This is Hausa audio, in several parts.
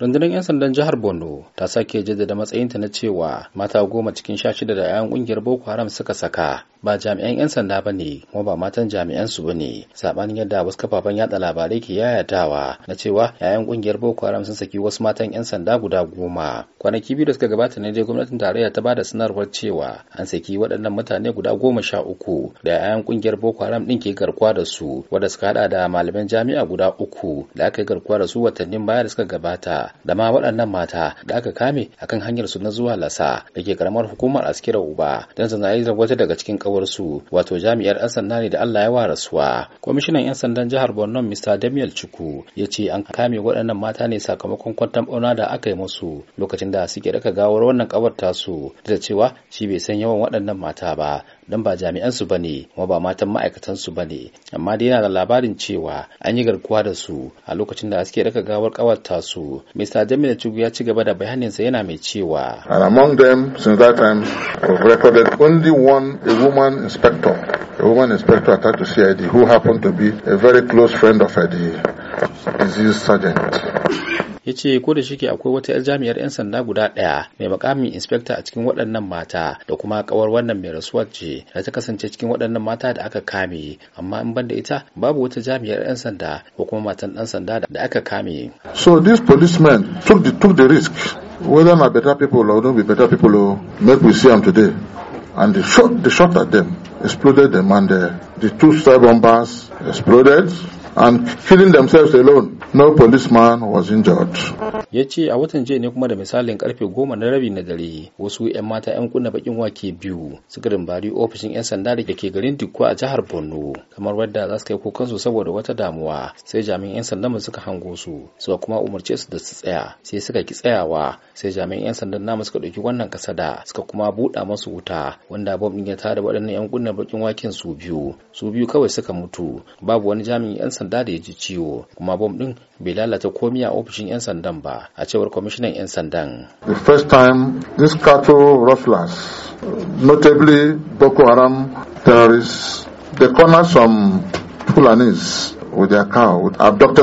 rundunar 'yan sandan jihar borno ta sake jaddada matsayinta na cewa mata goma cikin sha shida da 'yan kungiyar boko haram suka saka ba jami'an 'yan sanda ba ne kuma ba matan jami'an su ba ne sabanin yadda wasu kafafen yada labarai ke yayatawa na cewa yayan ƙungiyar boko haram sun saki wasu matan 'yan sanda guda goma kwanaki biyu da suka gabata ne dai gwamnatin tarayya ta da sanarwar cewa an saki waɗannan mutane guda goma sha uku da yayan ƙungiyar boko haram din ke garkuwa da su wanda suka hada da malaman jami'a guda uku da aka yi garkuwa da su watannin baya da suka gabata da ma waɗannan mata da aka kame akan hanyar su na zuwa lasa da ke karamar hukumar askira uba don zanayizar wata daga cikin kawarsu wato jami'ar 'yan sanda ne da Allah ya wa rasuwa. Kwamishinan 'yan sandan jihar Borno Mr. Damiel Chuku ya ce an kame waɗannan mata ne sakamakon kwantan ɓauna da aka yi musu lokacin da suke raka gawar wannan kawar tasu da cewa shi bai san yawan waɗannan mata ba don ba jami'an su bane kuma ba matan ma'aikatan su bane amma dai yana da labarin cewa an yi garkuwa da su a lokacin da suke raka gawar kawar tasu. Mr. Damiel Chuku ya ci gaba da sa yana mai cewa. And among them since that time recorded only one a woman woman inspector, a woman inspector attached to CID who happened to be a very close friend of the disease sergeant. ya ce ko da shike akwai wata 'yar jami'ar 'yan sanda guda ɗaya mai makamin inspector a cikin waɗannan mata da kuma kawar wannan mai rasuwar ce da ta kasance cikin waɗannan mata da aka kame amma in banda ita babu wata jami'ar 'yan sanda ko kuma matan ɗan sanda da aka kame. so these policemen took the, took the risk whether na better people or no be better people or make we see am today and they shot, they shot at them, exploded them, and the, uh, the two star bombers exploded. and killing themselves alone. No policeman was injured. Ya a watan jiya ne kuma da misalin karfe goma na rabi na dare wasu 'yan mata 'yan kunna bakin wake biyu suka rimbari ofishin 'yan sanda da ke garin Dikko a jihar Borno kamar wadda za su kai su saboda wata damuwa sai jami'an 'yan mu suka hango su suka kuma umarce su da su tsaya sai suka ki tsayawa sai jami'an 'yan sandan namu suka ɗauki wannan kasada suka kuma buɗa masu wuta wanda bom ɗin ya tada waɗannan 'yan kunna bakin waken su biyu su biyu kawai suka mutu babu wani jami'in 'yan sanda da ya ji ciwo kuma bom din bai lalata komi a ofishin 'yan sandan ba a cewar kwamishinan 'yan sandan. The first time this cattle rustlers, notably Boko Haram terrorists, they corner some Fulanis with their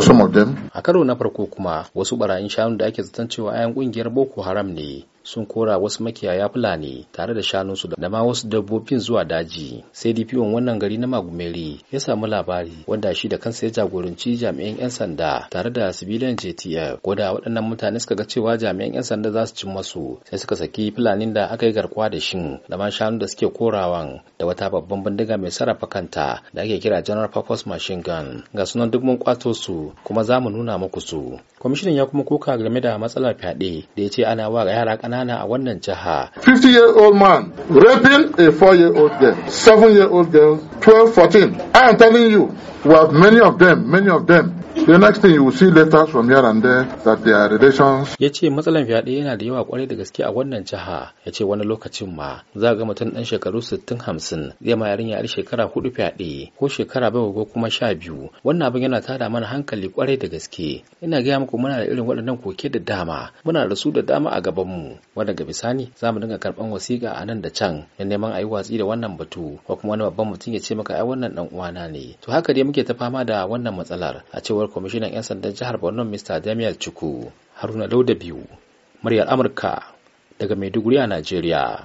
some of them. A karo na farko kuma wasu barayin shanu da ake zaton cewa ayan kungiyar Boko Haram ne sun kora wasu makiyaya Fulani tare da shanunsu da ma wasu dabbobin zuwa daji. Sai DPO wannan gari na Magumeri ya samu labari wanda shi da kansa ya jagoranci jami'an 'yan sanda tare da sibilan JTF. Koda waɗannan mutane suka ga cewa jami'an 'yan sanda za su cin masu sai suka saki Fulanin da aka yi garkuwa da shin da ma shanu da suke korawan da wata babban bindiga mai sarrafa kanta da ake kira General Purpose Machine Gun. Ga sunan duk mun kwato su kuma za mu nuna muku su. Kwamishinan ya kuma koka game da matsalar fyaɗe da ya ce ana wa yara ƙanana ƙanana a wannan jiha. 50 year old man raping a 4 year old girl, 7 year old girl, 12, 14. I am telling you, we have many of them, many of them. The next thing you will see letters from here that they relations. Ya ce matsalan fyaɗe yana da yawa kwarai da gaske a wannan jiha. Ya ce wani lokacin ma za ga mutum ɗan shekaru sittin hamsin zai ma yarinya yar shekara hudu fyaɗe ko shekara bakwai ko kuma sha biyu. Wannan abin yana tada mana hankali kwarai da gaske. Ina gaya muku muna da irin waɗannan koke da dama. Muna da su da dama a gabanmu. Wanda ga bisani za mu dinga karɓan wasiƙa a nan da can da neman a yi watsi da wannan batu ko kuma wani babban mutum ya ce maka ai wannan ɗan uwana ne. To haka dai muke ta fama da wannan matsalar a cewar kwamishinan 'yan sandan jihar borno mr daniel chuku haruna lauda biyu muryar amurka daga maiduguri a najeriya